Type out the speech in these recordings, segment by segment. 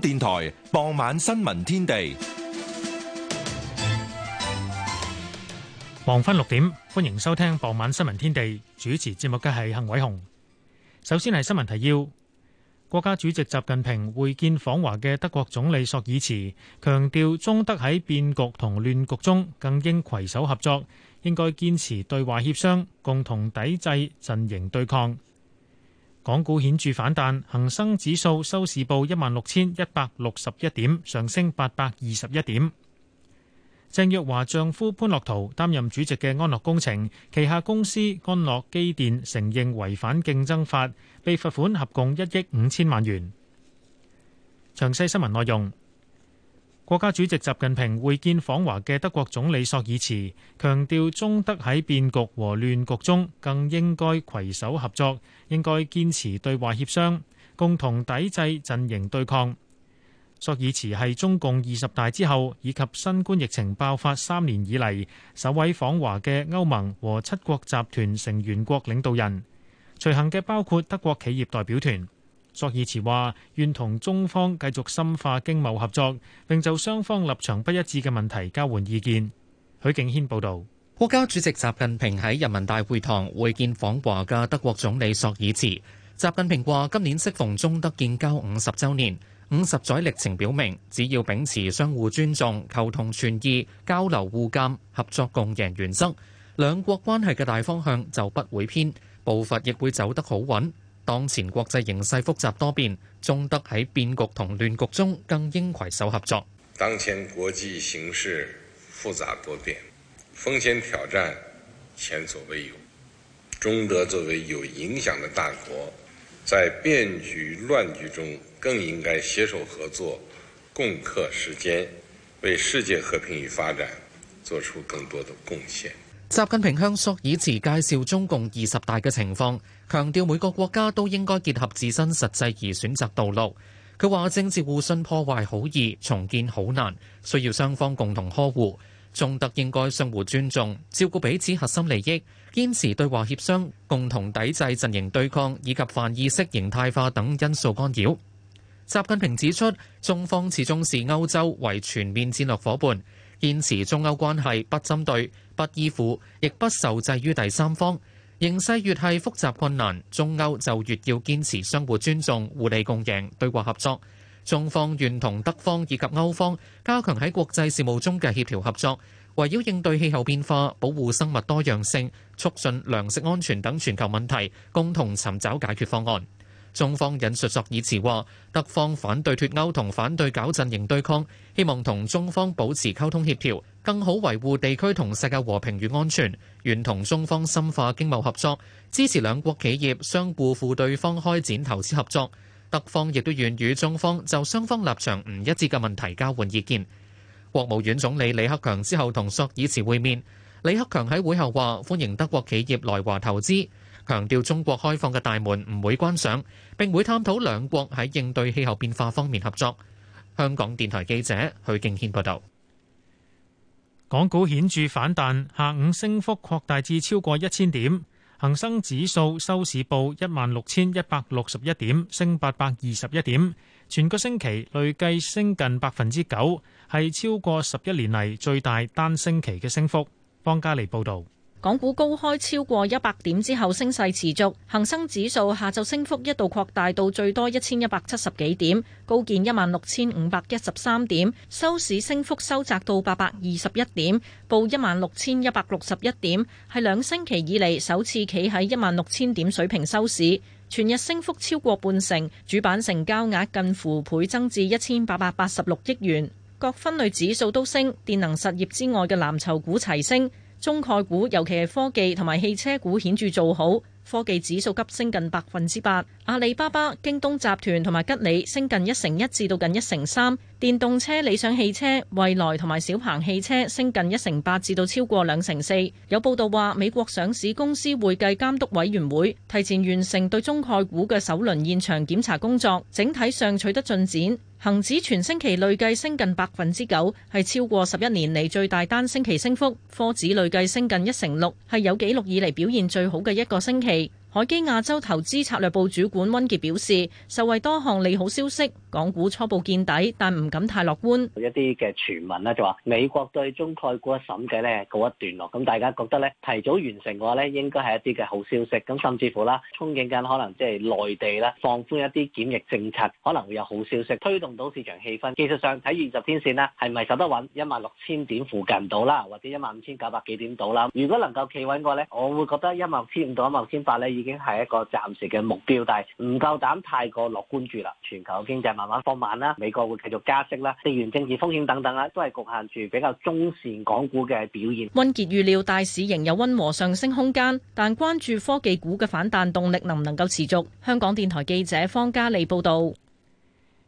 電台傍晚新聞天地，黃昏六點，歡迎收聽傍晚新聞天地。主持節目嘅係幸偉雄。首先係新聞提要：國家主席習近平會見訪華嘅德國總理索爾茨，強調中德喺變局同亂局中更應攜手合作，應該堅持對話協商，共同抵制陣營對抗。港股顯著反彈，恒生指數收市報一萬六千一百六十一點，上升八百二十一點。鄭若驊丈夫潘樂圖擔任主席嘅安樂工程旗下公司安樂機電承認違反競爭法，被罰款合共一億五千萬元。詳細新聞內容。國家主席習近平會見訪華嘅德國總理索爾茨，強調中德喺變局和亂局中更應該攜手合作，應該堅持對話協商，共同抵制陣營對抗。索爾茨係中共二十大之後以及新冠疫情爆發三年以嚟首位訪華嘅歐盟和七國集團成員國領導人，隨行嘅包括德國企業代表團。索爾茨話：願同中方繼續深化經貿合作，並就雙方立場不一致嘅問題交換意見。許敬軒報導。國家主席習近平喺人民大會堂會見訪華嘅德國總理索爾茨。習近平話：今年適逢中德建交五十週年，五十載歷程表明，只要秉持相互尊重、求同存異、交流互鑒、合作共贏原則，兩國關係嘅大方向就不會偏，步伐亦會走得好穩。當前國際形勢複雜多變，中德喺變局同亂局中更應携手合作。當前國際形勢複雜多變，風險挑戰前所未有。中德作為有影響的大國，在變局亂局中更應該携手合作，共克時艱，為世界和平與發展作出更多的貢獻。習近平向索爾茨介紹中共二十大嘅情況。強調每個國家都應該結合自身實際而選擇道路。佢話：政治互信破壞好易，重建好難，需要雙方共同呵護。中德應該相互尊重，照顧彼此核心利益，堅持對話協商，共同抵制陣營對抗以及泛意識形態化等因素干擾。習近平指出，中方始終視歐洲為全面戰略伙伴，堅持中歐關係不針對、不依附、亦不受制於第三方。形勢越係複雜困難，中歐就越要堅持相互尊重，互利共贏，對話合作。中方願同德方以及歐方，加強喺國際事務中嘅協調合作，圍繞應對氣候變化，保護生物多樣性，促進糧食安全等全球問題，共同尋找解決方案。中方引述索爾茨話，德方反對脱歐同反對搞陣營對抗，希望同中方保持溝通協調，更好維護地區同世界和平與安全，願同中方深化經貿合作，支持兩國企業相互赴對方開展投資合作。德方亦都願與中方就雙方立場唔一致嘅問題交換意見。國務院總理李克強之後同索爾茨會面，李克強喺會後話：歡迎德國企業來華投資。強調中國開放嘅大門唔會關上，並會探討兩國喺應對氣候變化方面合作。香港電台記者許敬軒報導。港股顯著反彈，下午升幅擴大至超過一千點，恒生指數收市報一萬六千一百六十一點，升八百二十一點，全個星期累計升近百分之九，係超過十一年嚟最大單星期嘅升幅。方家利報導。港股高開超過一百點之後，升勢持續。恒生指數下晝升幅一度擴大到最多一千一百七十幾點，高見一萬六千五百一十三點，收市升幅收窄到八百二十一點，報一萬六千一百六十一點，係兩星期以嚟首次企喺一萬六千點水平收市。全日升幅超過半成，主板成交額近乎倍增至一千八百八十六億元。各分類指數都升，電能實業之外嘅藍籌股齊升。中概股尤其係科技同埋汽車股顯著做好，科技指數急升近百分之八，阿里巴巴、京東集團同埋吉利升近一成一至到近一成三。1, 電動車、理想汽車、蔚來同埋小鵬汽車升近一成八，至到超過兩成四。有報道話，美國上市公司會計監，監督委員會提前完成對中概股嘅首輪現場檢查工作，整體上取得進展。恒指全星期累計升近百分之九，係超過十一年嚟最大單星期升幅。科指累計升近一成六，係有紀錄以嚟表現最好嘅一個星期。海基亞洲投資策略部主管温杰表示，受惠多項利好消息，港股初步見底，但唔敢太樂觀。一啲嘅傳聞呢，就話，美國對中概股嘅審計呢告一段落，咁大家覺得呢，提早完成嘅話呢，應該係一啲嘅好消息。咁甚至乎啦，憧憬緊可能即係內地啦，放寬一啲檢疫政策，可能會有好消息，推動到市場氣氛。技術上睇二十天線啦，係咪守得穩？一萬六千點附近到啦，或者一萬五千九百幾點到啦。如果能夠企穩嘅話咧，我會覺得一萬六千五到一萬六千八呢。已經係一個暫時嘅目標，但係唔夠膽太過樂觀住啦。全球經濟慢慢放慢啦，美國會繼續加息啦，地緣政治風險等等啦，都係局限住比較中線港股嘅表現。溫傑預料大市仍有溫和上升空間，但關注科技股嘅反彈動力能唔能夠持續。香港電台記者方嘉利報道。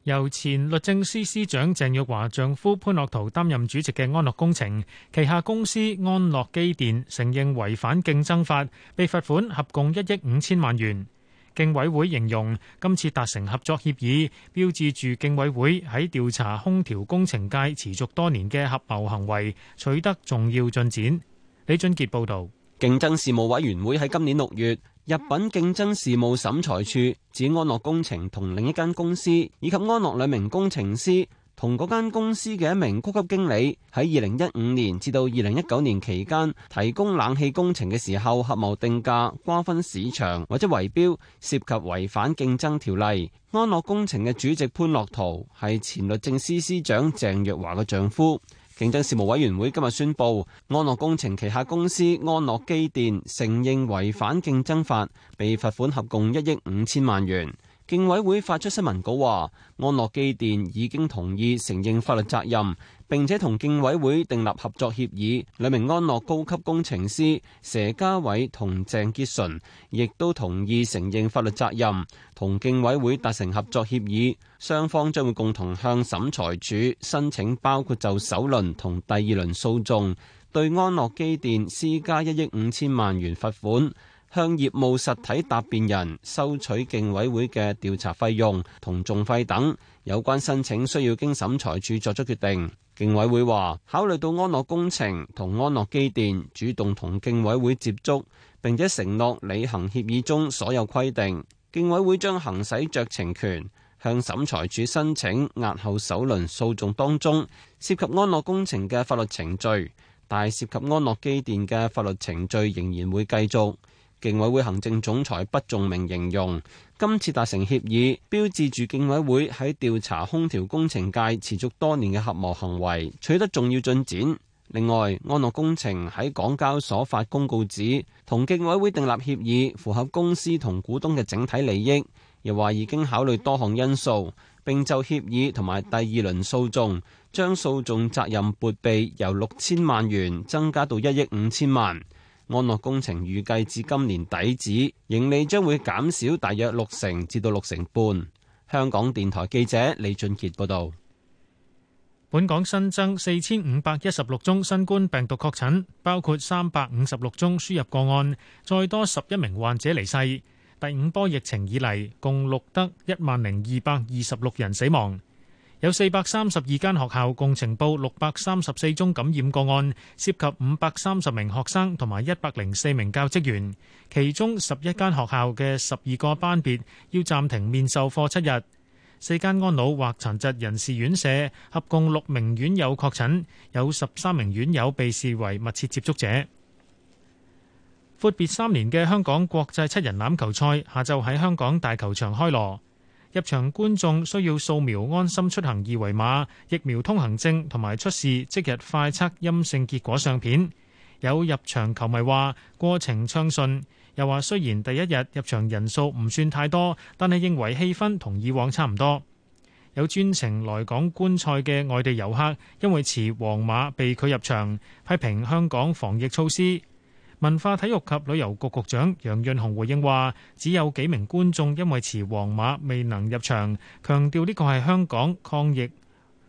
由前律政司司長鄭若驊丈夫潘樂陶擔任主席嘅安樂工程旗下公司安樂機電承認違反競爭法，被罰款合共一億五千萬元。競委會形容今次達成合作協議，標誌住競委會喺調查空調工程界持續多年嘅合謀行為取得重要進展。李俊傑報道。競爭事務委員會喺今年六月日品，競爭事務審裁處指安樂工程同另一間公司以及安樂兩名工程師同嗰間公司嘅一名高級經理喺二零一五年至到二零一九年期間提供冷氣工程嘅時候合謀定價、瓜分市場或者圍標，涉及違反競爭條例。安樂工程嘅主席潘樂圖係前律政司司，司長鄭若驊嘅丈夫。競爭事務委員會今日宣布，安樂工程旗下公司安樂機電承認違反競爭法，被罰款合共一億五千萬元。競委會發出新聞稿話，安樂機電已經同意承認法律責任。並且同競委會訂立合作協議，兩名安樂高級工程師佘嘉偉同鄭潔純亦都同意承認法律責任，同競委會達成合作協議，雙方將會共同向審裁處申請，包括就首輪同第二輪訴訟對安樂機電施加一億五千萬元罰款，向業務實體答辯人收取競委會嘅調查費用同訟費等。有關申請需要經審裁處作出決定。競委會話，考慮到安樂工程同安樂機電主動同競委會接觸，並且承諾履行協議中所有規定，競委會將行使酌情權，向審裁處申請押後首輪訴訟當中涉及安樂工程嘅法律程序，但係涉及安樂機電嘅法律程序仍然會繼續。競委會行政總裁畢仲明形容，今次達成協議，標誌住競委會喺調查空調工程界持續多年嘅合謀行為取得重要進展。另外，安樂工程喺港交所發公告指，同競委會訂立協議符合公司同股東嘅整體利益，又話已經考慮多項因素，並就協議同埋第二輪訴訟，將訴訟責任撥備由六千萬元增加到一億五千萬。安樂工程預計至今年底止，盈利將會減少大約六成至到六成半。香港電台記者李俊杰報道。本港新增四千五百一十六宗新冠病毒確診，包括三百五十六宗輸入個案，再多十一名患者離世。第五波疫情以嚟，共錄得一萬零二百二十六人死亡。有四百三十二間學校共呈報六百三十四宗感染個案，涉及五百三十名學生同埋一百零四名教職員，其中十一間學校嘅十二個班別要暫停面授課七日。四間安老或殘疾人士院舍，合共六名院友確診，有十三名院友被視為密切接觸者。闊別三年嘅香港國際七人欖球賽下晝喺香港大球場開鑼。入場觀眾需要掃描安心出行二維碼、疫苗通行證同埋出示即日快測陰性結果相片。有入場球迷話過程暢順，又話雖然第一日入場人數唔算太多，但係認為氣氛同以往差唔多。有專程來港觀賽嘅外地遊客因為持黃碼被拒入場，批評香港防疫措施。文化體育及旅遊局局長楊潤雄回應話：只有幾名觀眾因為持黃碼未能入場，強調呢個係香港抗疫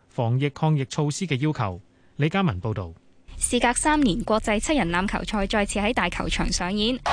防疫抗疫措施嘅要求。李家文報導。事隔三年，國際七人籃球賽再次喺大球場上演， 球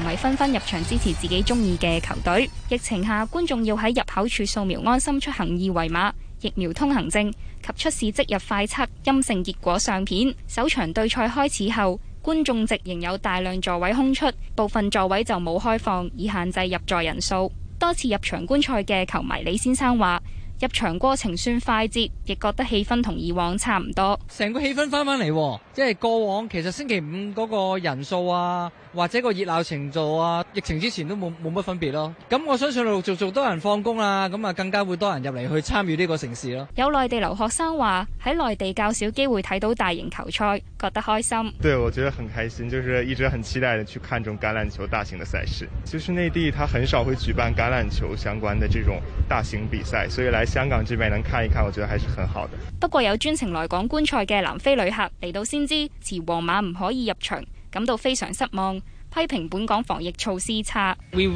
迷紛紛入場支持自己鍾意嘅球隊。疫情下，觀眾要喺入口處掃描安心出行二維碼。疫苗通行證及出示即日快測陰性結果相片。首場對賽開始後，觀眾席仍有大量座位空出，部分座位就冇開放，以限制入座人數。多次入場觀賽嘅球迷李先生話，入場過程算快捷，亦覺得氣氛同以往差唔多。成個氣氛翻返嚟喎。即係過往其實星期五嗰個人數啊，或者個熱鬧程度啊，疫情之前都冇冇乜分別咯。咁、嗯、我相信陸陸續續多人放工啦，咁、嗯、啊更加會多人入嚟去參與呢個城市咯。有內地留學生話喺內地較少機會睇到大型球賽，覺得開心。對，我覺得很開心，就是一直很期待的去看種橄欖球大型嘅賽事。就是內地，他很少會舉辦橄欖球相關的這種大型比賽，所以來香港這邊能看一看，我覺得還是很好的。不過有專程來港觀賽嘅南非旅客嚟到先。支持皇馬唔可以入場，感到非常失望，批評本港防疫措施差。We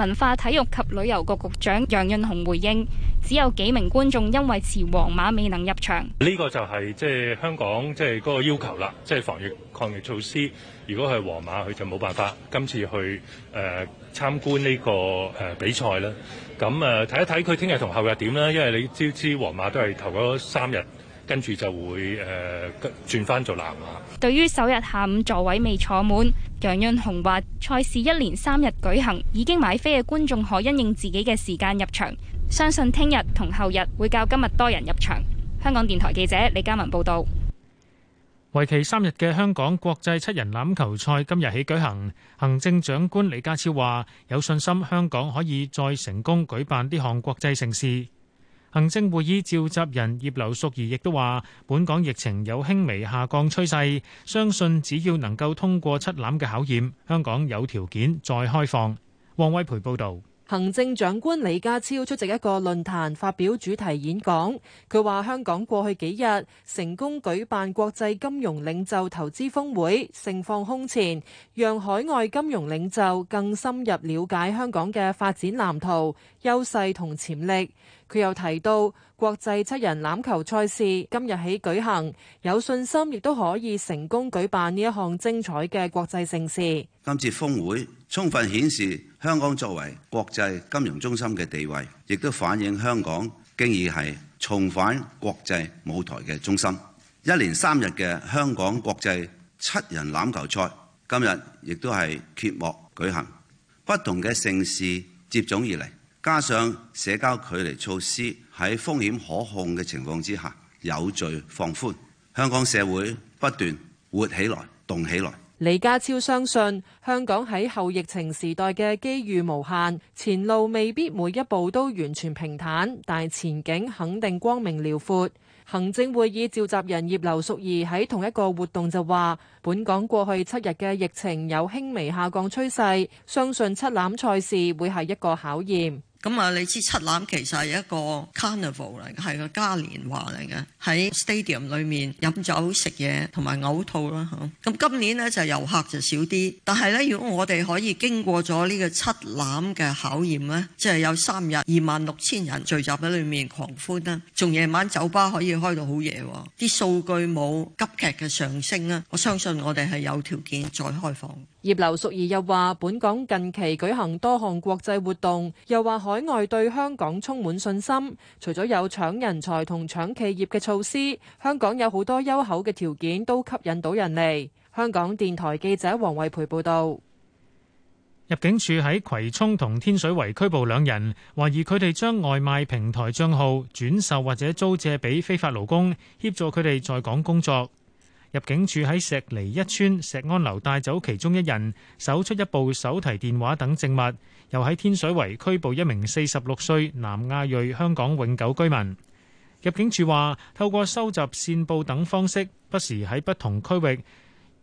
文化體育及旅遊局局長楊潤雄回應：只有幾名觀眾因為持黃碼未能入場，呢個就係即係香港即係嗰個要求啦，即係防疫抗疫措施。如果係黃碼，佢就冇辦法今次去誒參觀呢個誒比賽啦。咁誒睇一睇佢聽日同後日點啦，因為你知知黃碼都係頭嗰三日。跟住就會誒轉翻做藍馬。對於首日下午座位未坐滿，楊潤雄話：賽事一連三日舉行，已經買飛嘅觀眾可因應自己嘅時間入場。相信聽日同後日會較今日多人入場。香港電台記者李嘉文報道。為期三日嘅香港國際七人欖球賽今日起舉行。行政長官李家超話：有信心香港可以再成功舉辦呢項國際盛事。行政會議召集人葉劉淑儀亦都話：本港疫情有輕微下降趨勢，相信只要能夠通過七欖嘅考驗，香港有條件再開放。王偉培報導。行政長官李家超出席一個論壇，發表主題演講。佢話：香港過去幾日成功舉辦國際金融領袖投資峰會，盛況空前，讓海外金融領袖更深入了解香港嘅發展藍圖、優勢同潛力。佢又提到：國際七人欖球賽事今日起舉行，有信心亦都可以成功舉辦呢一項精彩嘅國際盛事。今次峰會充分顯示香港作為國際金融中心嘅地位，亦都反映香港經已係重返國際舞台嘅中心。一連三日嘅香港國際七人欖球賽今日亦都係揭幕舉行，不同嘅盛事接踵而嚟。加上社交距離措施喺風險可控嘅情況之下，有序放寬，香港社會不斷活起來、動起來。李家超相信香港喺後疫情時代嘅機遇無限，前路未必每一步都完全平坦，但前景肯定光明遼闊。行政會議召集人葉劉淑儀喺同一個活動就話：本港過去七日嘅疫情有輕微下降趨勢，相信七欖賽事會係一個考驗。咁啊、嗯，你知七欖其實係一個 carnival 嚟，係個嘉年華嚟嘅，喺 stadium 裏面飲酒食嘢同埋嘔吐啦咁、嗯嗯、今年咧就遊客就少啲，但係咧如果我哋可以經過咗呢個七欖嘅考驗咧，即係有三日二萬六千人聚集喺裏面狂歡啦，仲夜晚酒吧可以開到好夜，啲、哦、數據冇急劇嘅上升啦，我相信我哋係有條件再開放。葉劉淑儀又話，本港近期舉行多項國際活動，又話海外對香港充滿信心。除咗有搶人才同搶企業嘅措施，香港有好多優厚嘅條件都吸引到人嚟。香港電台記者黃惠培報道。入境處喺葵涌同天水圍拘捕兩人，懷疑佢哋將外賣平台賬號轉售或者租借俾非法勞工，協助佢哋在港工作。入境處喺石梨一村石安樓帶走其中一人，搜出一部手提電話等證物，又喺天水圍拘捕一名四十六歲南亞裔香港永久居民。入境處話，透過收集線報等方式，不時喺不同區域，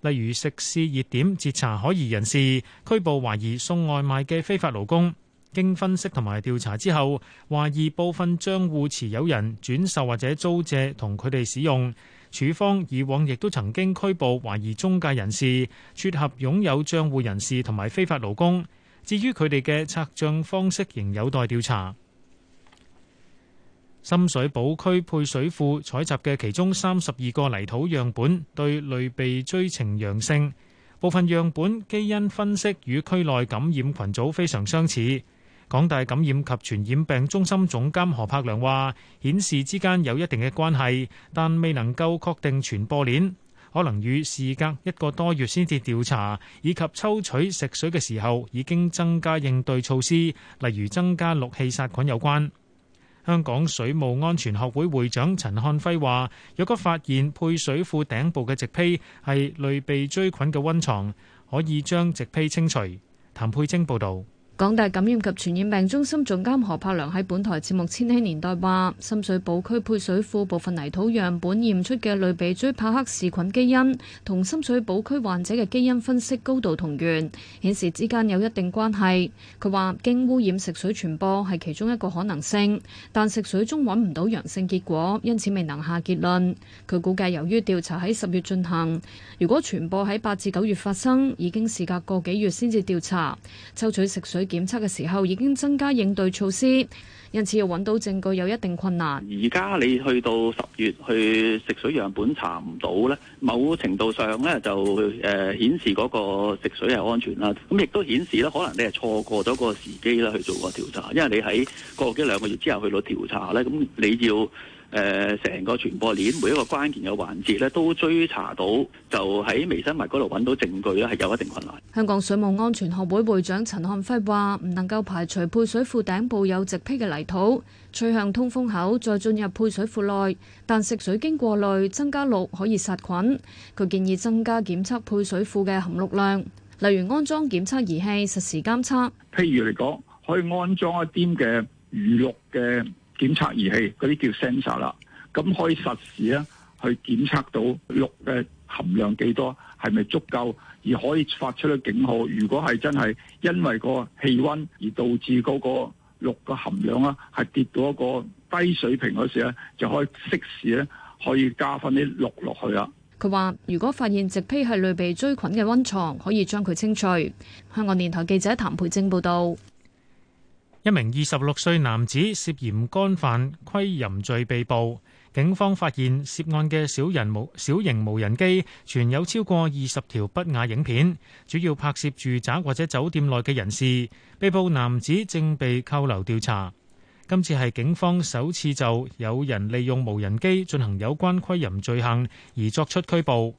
例如食肆熱點，截查可疑人士，拘捕懷疑送外賣嘅非法勞工。經分析同埋調查之後，懷疑部分帳戶持有人轉售或者租借同佢哋使用。處方以往亦都曾經拘捕懷疑中介人士、撮合擁有帳戶人士同埋非法勞工。至於佢哋嘅拆賬方式，仍有待調查。深水埗區配水庫採集嘅其中三十二個泥土樣本對類鼻疽呈陽性，部分樣本基因分析與區內感染群組非常相似。港大感染及傳染病中心總監何柏良話，顯示之間有一定嘅關係，但未能夠確定傳播鏈，可能與事隔一個多月先至調查，以及抽取食水嘅時候已經增加應對措施，例如增加氯氣殺菌有關。香港水務安全學會會長陳漢輝話，若果發現配水庫頂部嘅植被係類鼻疽菌嘅溫床，可以將植被清除。譚佩晶報道。港大感染及傳染病中心總監何柏良喺本台節目《千禧年代》話：深水埗區配水庫部分泥土樣本驗出嘅類鼻疽伯克氏菌基因，同深水埗區患者嘅基因分析高度同源，顯示之間有一定關係。佢話經污染食水傳播係其中一個可能性，但食水中揾唔到陽性結果，因此未能下結論。佢估計由於調查喺十月進行，如果傳播喺八至九月發生，已經事隔個幾月先至調查，抽取食水，檢測嘅時候已經增加應對措施，因此要揾到證據有一定困難。而家你去到十月去食水樣本查唔到咧，某程度上咧就誒顯示嗰個食水係安全啦。咁亦都顯示咧，可能你係錯過咗個時機啦，去做個調查，因為你喺過幾兩個月之後去到調查咧，咁你要。誒成、呃、個傳播鏈，每一個關鍵嘅環節咧，都追查到就喺微生物嗰度揾到證據咧，係有一定困難。香港水務安全學會會長陳漢輝話：唔能夠排除配水庫頂部有直積嘅泥土，吹向通風口再進入配水庫內，但食水經過濾增加氯可以殺菌。佢建議增加檢測配水庫嘅含氯量，例如安裝檢測儀器實時監測。譬如嚟講，可以安裝一啲嘅餘氯嘅。檢測儀器嗰啲叫 sensor 啦，咁可以實時咧去檢測到氯嘅含量幾多，係咪足夠，而可以發出個警號。如果係真係因為個氣温而導致嗰個氯嘅含量啊，係跌到一個低水平嗰時咧，就可以即時咧可以加翻啲氯落去啦。佢話：如果發現直胚係類被追菌嘅溫床，可以將佢清除。香港電台記者譚培正報道。一名二十六歲男子涉嫌干犯窺淫罪被捕，警方發現涉案嘅小人無小型無人機，存有超過二十條不雅影片，主要拍攝住宅或者酒店內嘅人士。被捕男子正被扣留調查，今次係警方首次就有人利用無人機進行有關窺淫罪行而作出拘捕。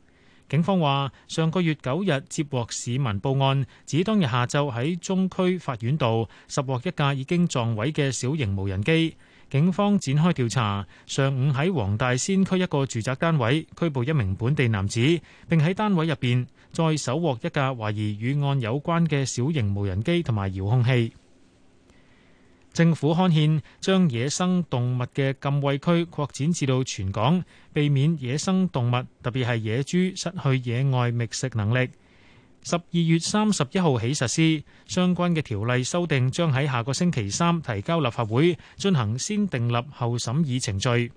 警方話：上個月九日接獲市民報案，指當日下晝喺中區法院度拾獲一架已經撞毀嘅小型無人機。警方展開調查，上午喺黃大仙區一個住宅單位拘捕一名本地男子，並喺單位入邊再搜獲一架懷疑與案有關嘅小型無人機同埋遙控器。政府刊憲將野生動物嘅禁餵區擴展至到全港，避免野生動物，特別係野豬失去野外覓食能力。十二月三十一號起實施相關嘅條例修訂，將喺下個星期三提交立法會進行先訂立後審議程序。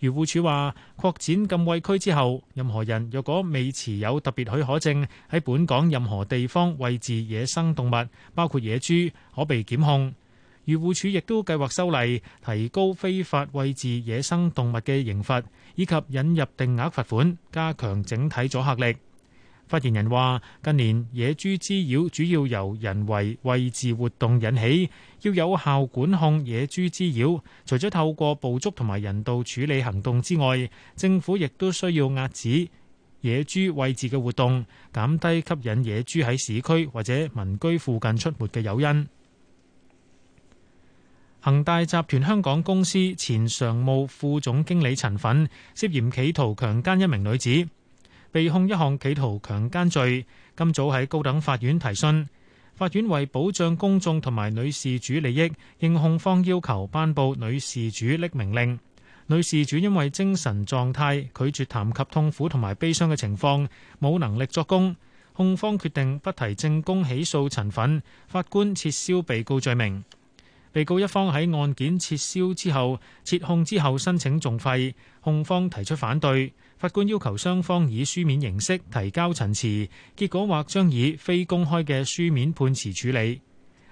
漁護署話，擴展禁餵區之後，任何人若果未持有特別許可證喺本港任何地方餵飼野生動物，包括野豬，可被檢控。漁護署亦都計劃修例，提高非法餵飼野生動物嘅刑罰，以及引入定額罰款，加強整體阻嚇力。發言人話：近年野豬滋擾主要由人為餵飼活動引起，要有效管控野豬滋擾，除咗透過捕捉同埋人道處理行動之外，政府亦都需要遏止野豬餵飼嘅活動，減低吸引野豬喺市區或者民居附近出沒嘅誘因。恒大集團香港公司前常務副總經理陳粉涉嫌企圖強姦一名女子，被控一項企圖強姦罪。今早喺高等法院提訊，法院為保障公眾同埋女事主利益，應控方要求，頒布女事主匿名令。女事主因為精神狀態拒絕談及痛苦同埋悲傷嘅情況，冇能力作供，控方決定不提證供起訴陳粉。法官撤銷被告罪名。被告一方喺案件撤銷之後，撤控之後申請訟費，控方提出反對，法官要求雙方以書面形式提交陳詞，結果或將以非公開嘅書面判詞處理。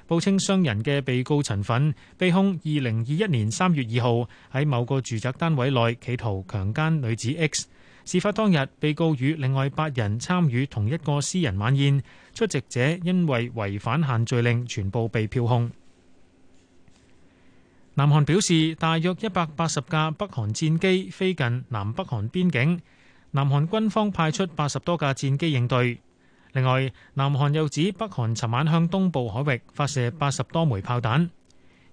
報稱商人嘅被告陳憤被控二零二一年三月二號喺某個住宅單位內企圖強姦女子 X。事發當日，被告與另外八人參與同一個私人晚宴，出席者因為違反限聚令，全部被票控。南韓表示，大約一百八十架北韓戰機飛近南北韓邊境，南韓軍方派出八十多架戰機應對。另外，南韓又指北韓尋晚向東部海域發射八十多枚炮彈。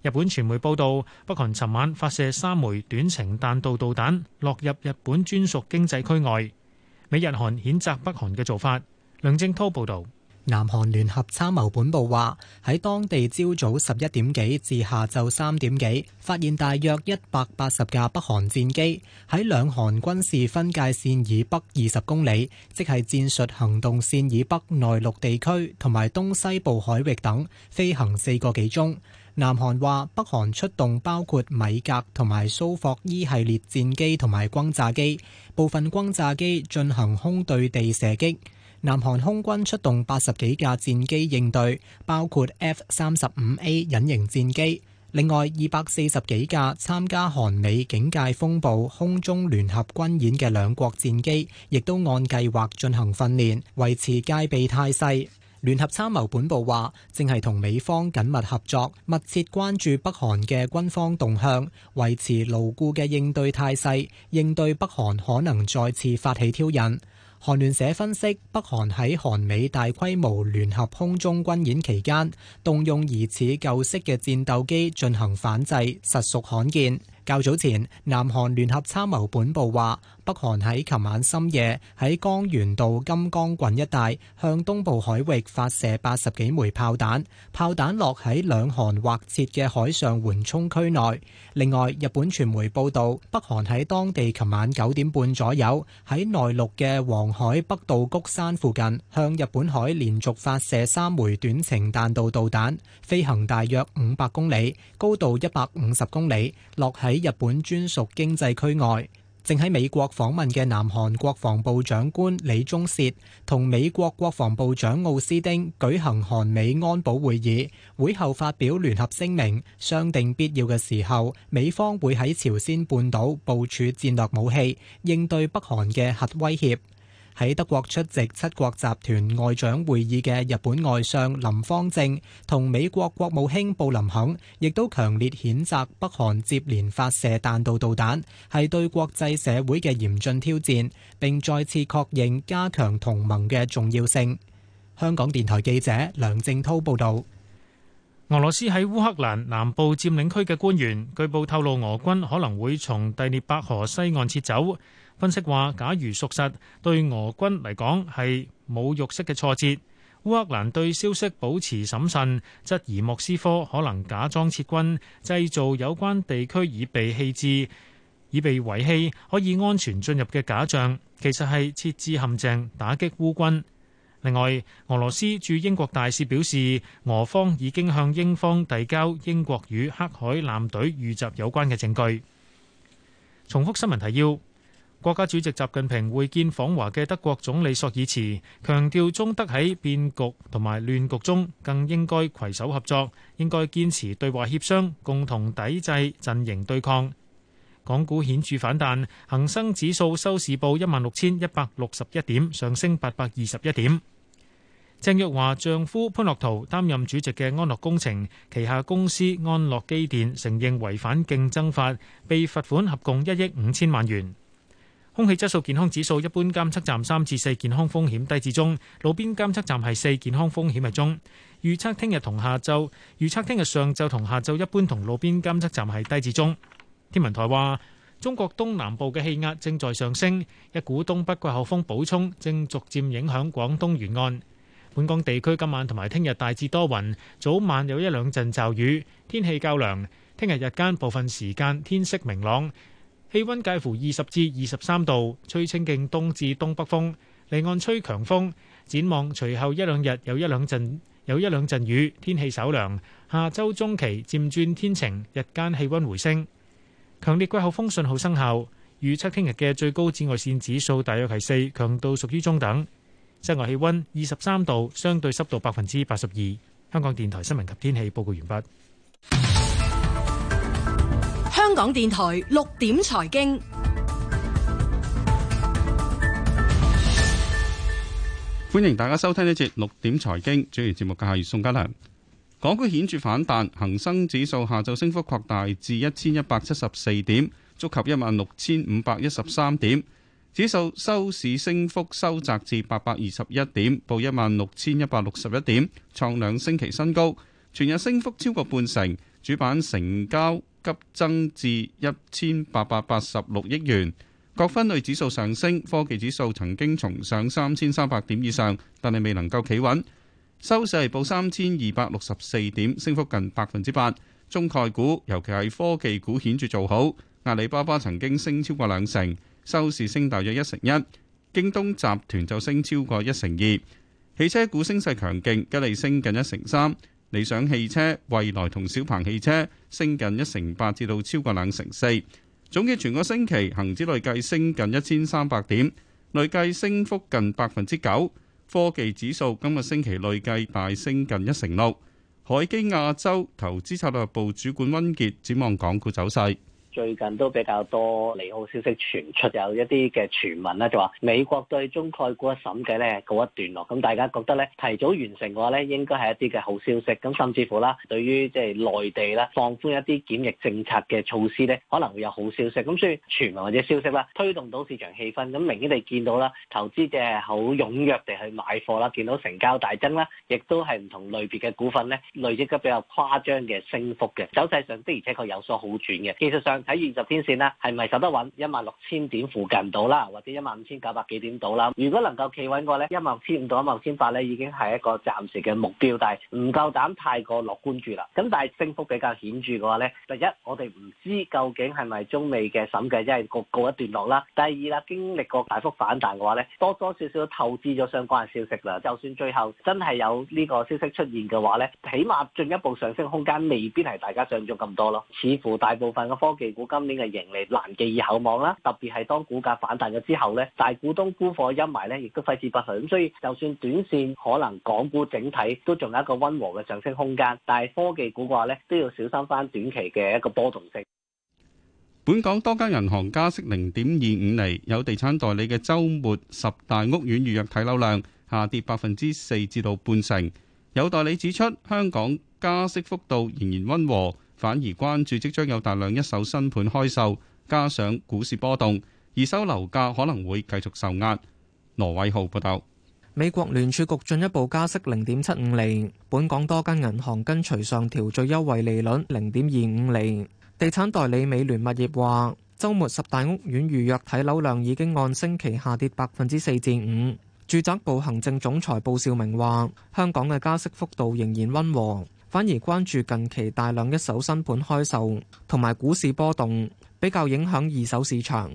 日本傳媒報道，北韓尋晚發射三枚短程彈道導彈，落入日本專屬經濟區外。美日韓譴責北韓嘅做法。梁正滔報導。南韓聯合參謀本部話：喺當地朝早十一點幾至下晝三點幾，發現大約一百八十架北韓戰機喺兩韓軍事分界線以北二十公里，即係戰術行動線以北內陸地區同埋東西部海域等飛行四個幾鐘。南韓話北韓出動包括米格同埋蘇霍伊系列戰機同埋轟炸機，部分轟炸機進行空對地射擊。南韓空軍出動八十幾架戰機應對，包括 F 三十五 A 隱形戰機。另外二百四十幾架參加韓美警戒風暴空中聯合軍演嘅兩國戰機，亦都按計劃進行訓練，維持戒備態勢。聯合參謀本部話，正係同美方緊密合作，密切關注北韓嘅軍方動向，維持牢固嘅應對態勢，應對北韓可能再次發起挑釁。韓聯社分析，北韓喺韓美大規模聯合空中軍演期間，動用疑似舊式嘅戰鬥機進行反制，實屬罕見。較早前，南韓聯合參謀本部話，北韓喺琴晚深夜喺江原道金剛郡一帶向東部海域發射八十幾枚炮彈，炮彈落喺兩韓劃設嘅海上緩衝區內。另外，日本傳媒報道，北韓喺當地琴晚九點半左右喺內陸嘅黃海北道谷山附近，向日本海連續發射三枚短程彈道導彈，飛行大約五百公里，高度一百五十公里，落喺日本專屬經濟區外。正喺美國訪問嘅南韓國防部長官李鍾燮同美國國防部長奧斯丁舉行韓美安保會議，會後發表聯合聲明，商定必要嘅時候，美方會喺朝鮮半島部署戰略武器，應對北韓嘅核威脅。喺德國出席七國集團外長會議嘅日本外相林芳正同美國國務卿布林肯，亦都強烈譴責北韓接連發射彈道導彈，係對國際社會嘅嚴峻挑戰，並再次確認加強同盟嘅重要性。香港電台記者梁正滔報導。俄羅斯喺烏克蘭南部佔領區嘅官員據報透露，俄軍可能會從第聶伯河西岸撤走。分析話：假如屬實，對俄軍嚟講係侮辱式嘅挫折。烏克蘭對消息保持審慎，質疑莫斯科可能假裝撤軍，製造有關地區已被棄置、已被遺棄，可以安全進入嘅假象，其實係設置陷阱，打擊烏軍。另外，俄羅斯駐英國大使表示，俄方已經向英方遞交英國與黑海艦隊遇襲有關嘅證據。重複新聞提要。國家主席習近平會見訪華嘅德國總理朔爾茨，強調中德喺變局同埋亂局中更應該攜手合作，應該堅持對話協商，共同抵制陣營對抗。港股顯著反彈，恒生指數收市報一萬六千一百六十一點，上升八百二十一點。鄭若驊丈夫潘樂陶擔任主席嘅安樂工程旗下公司安樂機電承認違反競爭法，被罰款合共一億五千萬元。空氣質素健康指數一般監測站三至四，健康風險低至中；路邊監測站係四，健康風險係中。預測聽日同下晝，預測聽日上晝同下晝一般同路邊監測站係低至中。天文台話，中國東南部嘅氣壓正在上升，一股東北季候風補充，正逐漸影響廣東沿岸。本港地區今晚同埋聽日大致多雲，早晚有一兩陣驟雨，天氣較涼。聽日日間部分時間天色明朗。氣溫介乎二十至二十三度，吹清勁東至東北風，離岸吹強風。展望隨後一兩日有一兩陣有一兩陣雨，天氣稍涼。下周中期漸轉天晴，日間氣溫回升。強烈季候風信號生效，預測聽日嘅最高紫外線指數大約係四，強度屬於中等。室外氣溫二十三度，相對濕度百分之八十二。香港電台新聞及天氣報告完畢。香港電台六點財經，歡迎大家收聽呢節六點財經。主持節目嘅係宋家良。港股顯著反彈，恒生指數下晝升幅擴大至一千一百七十四點，觸及一萬六千五百一十三點。指數收市升幅收窄至八百二十一點，報一萬六千一百六十一點，創兩星期新高，全日升幅超過半成。主板成交急增至一千八百八十六億元，各分類指數上升，科技指數曾經重上三千三百點以上，但係未能夠企穩，收市報三千二百六十四點，升幅近百分之八。中概股尤其係科技股顯著做好，阿里巴巴曾經升超過兩成，收市升大約一成一；京東集團就升超過一成二。汽車股升勢強勁，吉利升近一成三。理想汽車、蔚來同小鵬汽車升近一成八，至到超過兩成四。總結全個星期，恒指累計升近一千三百點，累計升幅近百分之九。科技指數今個星期累計大升近一成六。海基亞洲投資策略部主管温傑展望港股走勢。最近都比較多利好消息傳出，有一啲嘅傳聞啦。就話美國對中概股嘅審計咧告一段落，咁大家覺得咧提早完成嘅話咧，應該係一啲嘅好消息，咁甚至乎啦，對於即係內地啦放寬一啲檢疫政策嘅措施咧，可能會有好消息。咁所以傳聞或者消息啦，推動到市場氣氛。咁明顯地見到啦，投資者好踴躍地去買貨啦，見到成交大增啦，亦都係唔同類別嘅股份咧累積得比較誇張嘅升幅嘅。走勢上，的而且確有所好轉嘅技術上。睇二十天線咧，係咪守得穩一萬六千點附近到啦，或者一萬五千九百幾點到啦？如果能夠企穩過咧，一萬五千五到一萬五千八咧，已經係一個暫時嘅目標，但係唔夠膽太過樂觀住啦。咁但係升幅比較顯著嘅話咧，第一我哋唔知究竟係咪中美嘅審計真係告告一段落啦。第二啦，經歷過大幅反彈嘅話咧，多多少少都透支咗相關嘅消息啦。就算最後真係有呢個消息出現嘅話咧，起碼進一步上升空間未必係大家想像咁多咯。似乎大部分嘅科技股今年嘅盈利難寄以厚望啦，特別係當股價反彈咗之後呢，大股東沽貨陰霾呢，亦都揮之不去。咁所以，就算短線可能港股整體都仲有一個溫和嘅上升空間，但係科技股嘅話呢，都要小心翻短期嘅一個波動性。本港多間銀行加息零點二五厘，有地產代理嘅周末十大屋苑預約睇樓量下跌百分之四至到半成，有代理指出，香港加息幅度仍然溫和。反而關注即將有大量一手新盤開售，加上股市波動，二手樓價可能會繼續受壓。羅偉浩報道，美國聯儲局進一步加息零點七五厘，本港多間銀行跟隨上調最優惠利率零點二五厘。地產代理美聯物業話，週末十大屋苑預約睇樓量已經按星期下跌百分之四至五。住宅部行政總裁布少明話，香港嘅加息幅度仍然溫和。反而關注近期大量一手新盤開售，同埋股市波動，比較影響二手市場。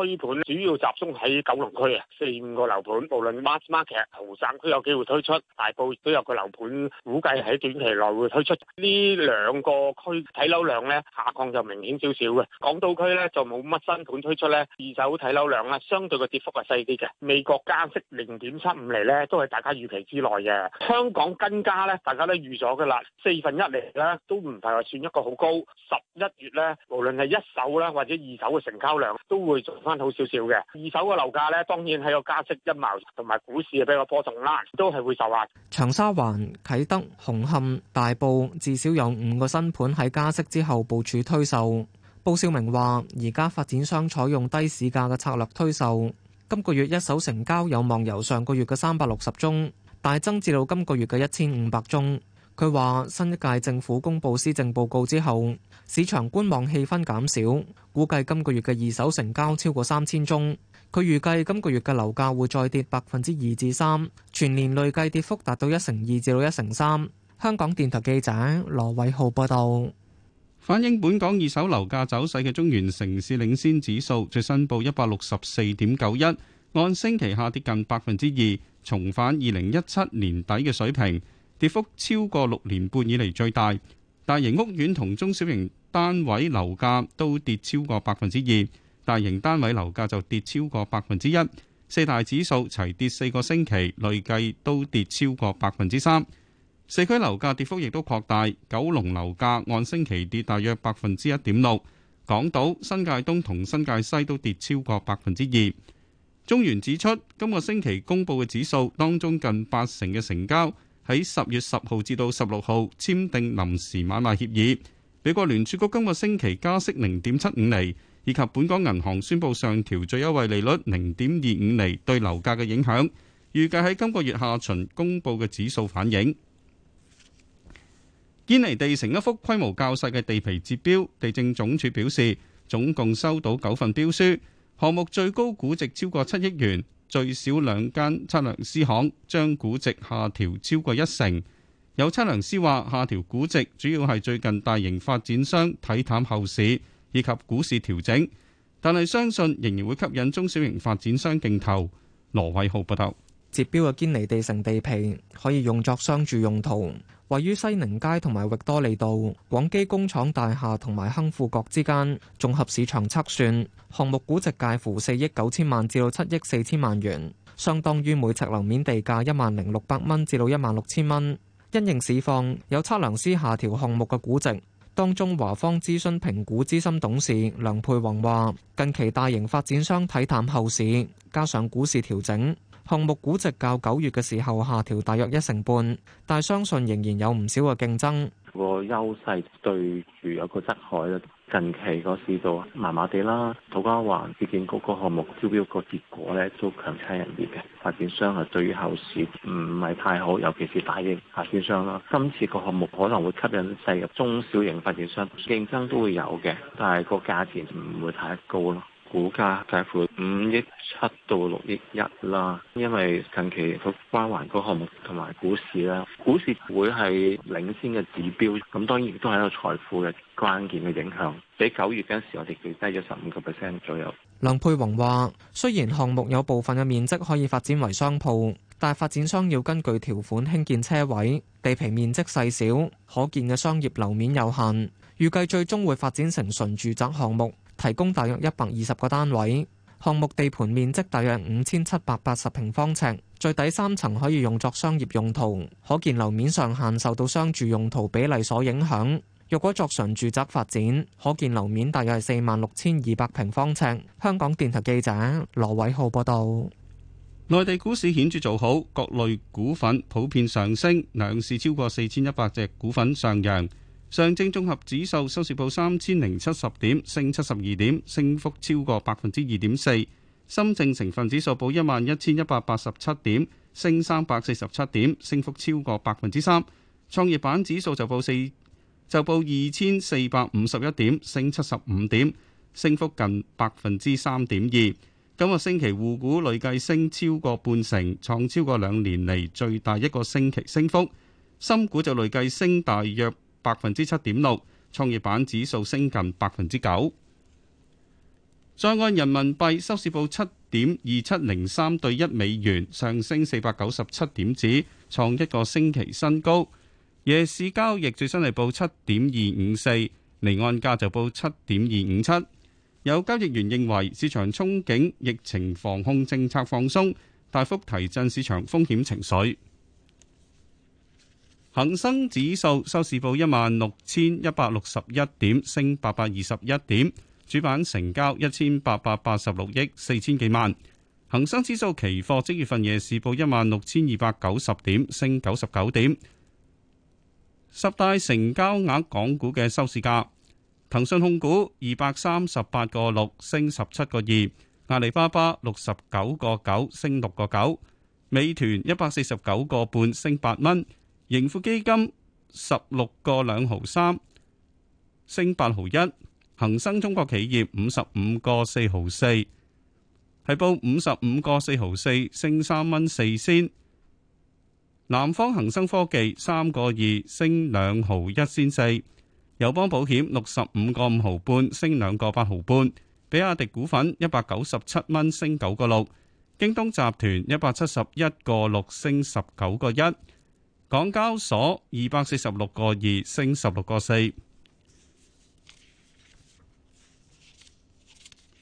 推盤主要集中喺九龍區啊，四五個樓盤，無論 Mark Market、豪山區有機會推出，大埔都有個樓盤，估計喺短期內會推出。呢兩個區睇樓量咧下降就明顯少少嘅。港島區咧就冇乜新盤推出咧，二手睇樓量咧相對個跌幅係細啲嘅。美國加息零點七五厘咧都係大家預期之內嘅。香港跟加咧大家都預咗噶啦，四分一厘咧都唔係話算一個好高。十一月咧無論係一手啦，或者二手嘅成交量都會做好少少嘅。二手嘅樓價呢，當然喺個加息陰霾，同埋股市嘅比較波動啦，都係會受壓。長沙灣啟德、紅磡、大埔至少有五個新盤喺加息之後部署推售。鮑少明話，而家發展商採用低市價嘅策略推售，今個月一手成交有望由上個月嘅三百六十宗大增至到今個月嘅一千五百宗。佢話：新一屆政府公布施政報告之後，市場觀望氣氛減,減少，估計今個月嘅二手成交超過三千宗。佢預計今個月嘅樓價會再跌百分之二至三，全年累計跌幅達到一成二至到一成三。香港電台記者羅偉浩報道。反映本港二手樓價走勢嘅中原城市領先指數最新報一百六十四點九一，按星期下跌近百分之二，重返二零一七年底嘅水平。跌幅超過六年半以嚟最大，大型屋苑同中小型單位樓價都跌超過百分之二，大型單位樓價就跌超過百分之一。四大指數齊跌，四個星期累計都跌超過百分之三。四區樓價跌幅亦都擴大，九龍樓價按星期跌大約百分之一點六，港島、新界東同新界西都跌超過百分之二。中原指出，今個星期公布嘅指數當中，近八成嘅成交喺十月十號至到十六號簽訂臨時買賣協議。美國聯儲局今個星期加息零點七五厘，以及本港銀行宣布上調最優惠利率零點二五厘，對樓價嘅影響，預計喺今個月下旬公布嘅指數反映。堅尼地城一幅規模較細嘅地皮截標，地政總署表示，總共收到九份標書，項目最高估值超過七億元。最少兩間測量師行將估值下調超過一成，有測量師話下調估值主要係最近大型發展商睇淡後市以及股市調整，但係相信仍然會吸引中小型發展商競投。羅偉浩報道，接標嘅堅尼地城地皮可以用作商住用途。位於西寧街同埋域多利道、廣基工廠大廈同埋亨富閣之間綜合市場測算，項目估值介乎四億九千萬至到七億四千萬元，相當於每尺樓面地價一萬零六百蚊至到一萬六千蚊。因應市況，有測量師下調項目嘅估值。當中華方諮詢評估資深董事梁佩宏話：近期大型發展商睇淡後市，加上股市調整。項目估值較九月嘅時候下調大約一成半，但係相信仍然有唔少嘅競爭。個優勢對住有個質海啦，近期個市道麻麻地啦。土瓜灣發展局個項目招標個結果咧都強差人意嘅，發展商係對於後市唔係太好，尤其是大型發展商啦。今次個項目可能會吸引細入中小型發展商，競爭都會有嘅，但係個價錢唔會太高咯。股價介乎五億七到六億一啦，因為近期佢關環個項目同埋股市啦，股市會係領先嘅指標，咁當然亦都係一個財富嘅關鍵嘅影響，比九月嗰陣時，我哋跌低咗十五個 percent 左右。梁佩宏話，雖然項目有部分嘅面積可以發展為商鋪，但發展商要根據條款興建車位，地皮面積細小，可見嘅商業樓面有限，預計最終會發展成純住宅項目。提供大約一百二十個單位，項目地盤面積大約五千七百八十平方尺，最底三層可以用作商業用途，可建樓面上限受到商住用途比例所影響，若果作純住宅發展，可建樓面大約係四萬六千二百平方尺。香港電台記者羅偉浩報道。內地股市顯著做好，各類股份普遍上升，兩市超過四千一百隻股份上揚。上證綜合指數收市報三千零七十點，升七十二點，升幅超過百分之二點四。深證成分指數報一萬一千一百八十七點，升三百四十七點，升幅超過百分之三。創業板指數就報四就報二千四百五十一點，升七十五點，升幅近百分之三點二。今個星期滬股累計升超過半成，創超過兩年嚟最大一個星期升幅。深股就累計升大約，百分之七點六，創業板指數升近百分之九。在岸人民幣收市報七點二七零三對一美元，上升四百九十七點子，創一個星期新高。夜市交易最新係報七點二五四，離岸價就報七點二五七。有交易員認為，市場憧憬疫情防控政策放鬆，大幅提振市場風險情緒。恒生指數收市報一萬六千一百六十一點，升八百二十一點。主板成交一千八百八十六億四千幾萬。恒生指數期貨即月份夜市報一萬六千二百九十點，升九十九點。十大成交額港股嘅收市價：騰訊控股二百三十八個六，升十七個二；阿里巴巴六十九個九，升六個九；美團一百四十九個半，升八蚊。盈富基金十六個兩毫三升八毫一，恒生中國企業五十五個四毫四係報五十五個四毫四升三蚊四仙。南方恒生科技三個二升兩毫一仙四，友邦保險六十五個五毫半升兩個八毫半，比亞迪股份一百九十七蚊升九個六，京東集團一百七十一個六升十九個一。港交所二百四十六個二升十六個四。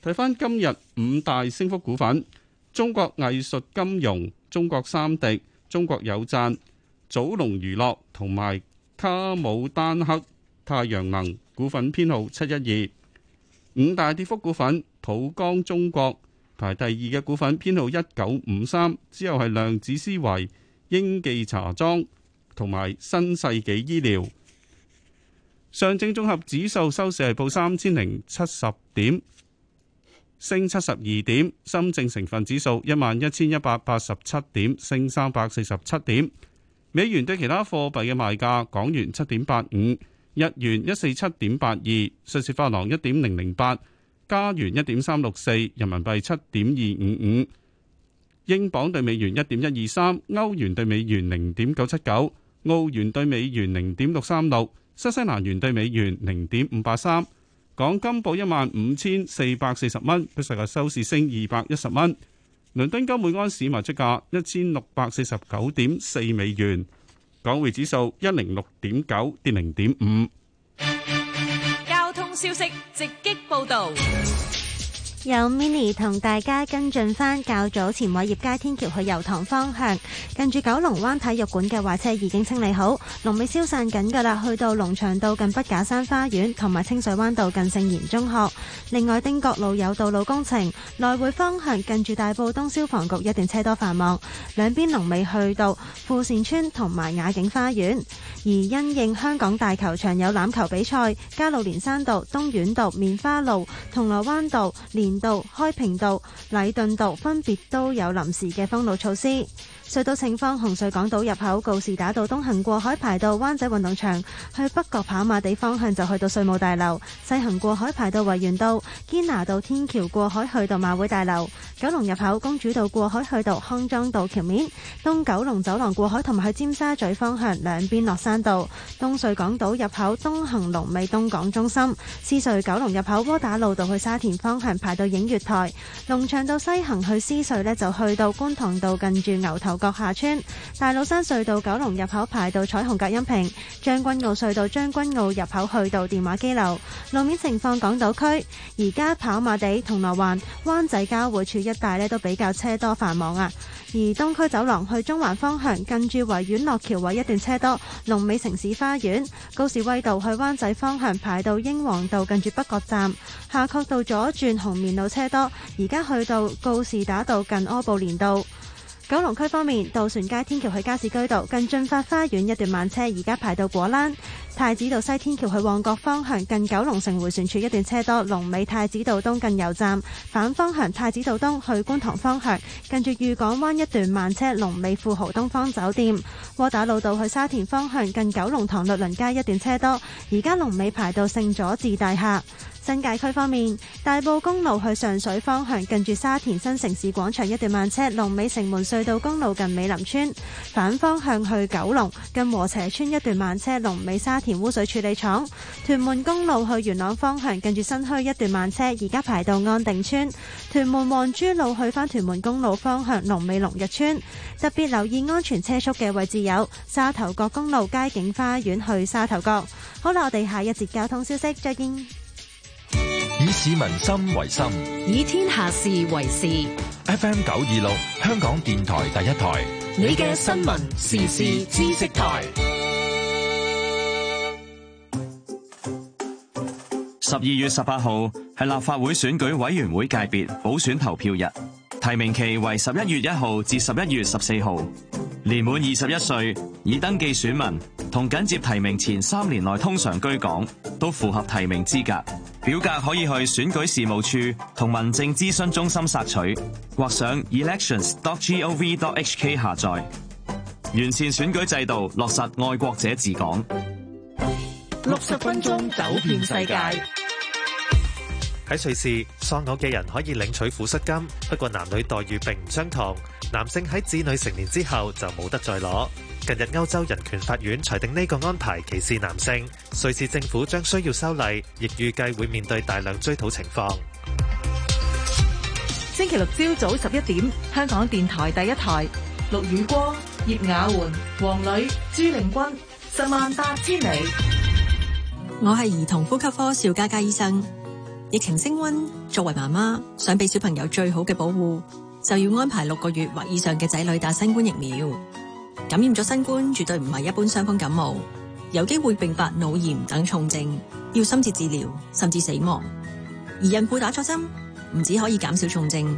睇翻今日五大升幅股份：中國藝術金融、中國三迪、中國有贊、祖龍娛樂同埋卡姆丹克太陽能股份編號七一二。五大跌幅股份：浦江中國排第二嘅股份編號一九五三，之後係量子思維、英記茶莊。同埋新世紀醫療，上證綜合指數收市係報三千零七十點，升七十二點；深證成分指數一萬一千一百八十七點，升三百四十七點。美元對其他貨幣嘅賣價：港元七點八五，日元一四七點八二，瑞士法郎一點零零八，加元一點三六四，人民幣七點二五五，英鎊對美元一點一二三，歐元對美元零點九七九。澳元兌美元零點六三六，新西蘭元兌美元零點五八三，港金報一萬五千四百四十蚊，比上日收市升二百一十蚊。倫敦金每安士賣出價一千六百四十九點四美元，港匯指數一零六點九跌零點五。交通消息直擊報道。有 mini 同大家跟進返較早前偉業街天橋去油塘方向，近住九龍灣體育館嘅壞車已經清理好，龍尾消散緊㗎啦。去到龍翔道近畢架山花園同埋清水灣道近聖言中學，另外汀角路有道路工程，來回方向近住大埔東消防局一段車多繁忙，兩邊龍尾去到富善村同埋雅景花園。而因應香港大球場有欖球比賽，加路連山道、東院道、棉花路、銅鑼灣道連道、開平道、禮頓道分別都有臨時嘅封路措施。隧道情況：紅隧港島入口告士打道東行過海排到灣仔運動場，去北角跑馬地方向就去到稅務大樓；西行過海排到維園道堅拿道天橋過海去到馬會大樓。九龍入口公主道過海去到康莊道橋面，東九龍走廊過海同埋去尖沙咀方向兩邊落山道。東隧港島入口東行龍尾東港中心。獅隧九龍入口窩打老道去沙田方向排。到映月台，農場道西行去獅隧呢就去到觀塘道近住牛頭角下村；大老山隧道九龍入口排到彩虹隔音屏，將軍澳隧道將軍澳入口去到電話機樓。路面情況，港島區而家跑馬地銅鑼灣灣仔交匯處一帶呢都比較車多繁忙啊。而東區走廊去中環方向，近住維園落橋位一段車多。龍尾城市花園，高士威道去灣仔方向排到英皇道近住北角站，下角道左轉紅沿路車多，而家去到告士打道近柯布連道。九龍區方面，渡船街天橋去加士居道近駿發花園一段慢車，而家排到果欄；太子道西天橋去旺角方向近九龍城回旋處一段車多，龍尾太子道東近油站；反方向太子道東去觀塘方向近住御港灣一段慢車，龍尾富豪東方酒店；窩打老道去沙田方向近九龍塘律倫街一段車多，而家龍尾排到聖佐治大廈。新界區方面，大埔公路去上水方向近住沙田新城市廣場一段慢車，龍尾城門上。去到公路近美林村，反方向去九龍近禾輋邨一段慢車，龍尾沙田污水處理廠。屯門公路去元朗方向近住新墟一段慢車，而家排到安定村。屯門望珠路去翻屯門公路方向，龍尾龍逸邨。特別留意安全車速嘅位置有沙頭角公路街景花園去沙頭角。好啦，我哋下一節交通消息再見。以市民心為心，以天下事為事。FM 九二六，香港電台第一台，你嘅新聞時事知識台。十二月十八號係立法會選舉委員會界別補選投票日，提名期為十一月一號至十一月十四號。年滿二十一歲，已登記選民同緊接提名前三年內通常居港，都符合提名資格。表格可以去選舉事務處同民政諮詢中心索取，或上 elections.gov.hk 下載。完善選舉制度，落實愛國者治港。六十分鐘走遍世界。喺瑞士，喪偶嘅人可以領取撫恤金，不過男女待遇並唔相同。男性喺子女成年之後就冇得再攞。近日歐洲人權法院裁定呢個安排歧視男性，瑞士政府將需要修例，亦預計會面對大量追討情況。星期六朝早十一點，香港電台第一台，陸宇光、葉雅媛、黃磊、朱玲君，十萬八千里。我係兒童呼吸科邵佳佳醫生。疫情升溫，作為媽媽想俾小朋友最好嘅保護，就要安排六個月或以上嘅仔女打新冠疫苗。感染咗新冠，絕對唔係一般傷風感冒，有機會併發腦炎等重症，要深切治療，甚至死亡。而孕婦打錯針，唔止可以減少重症。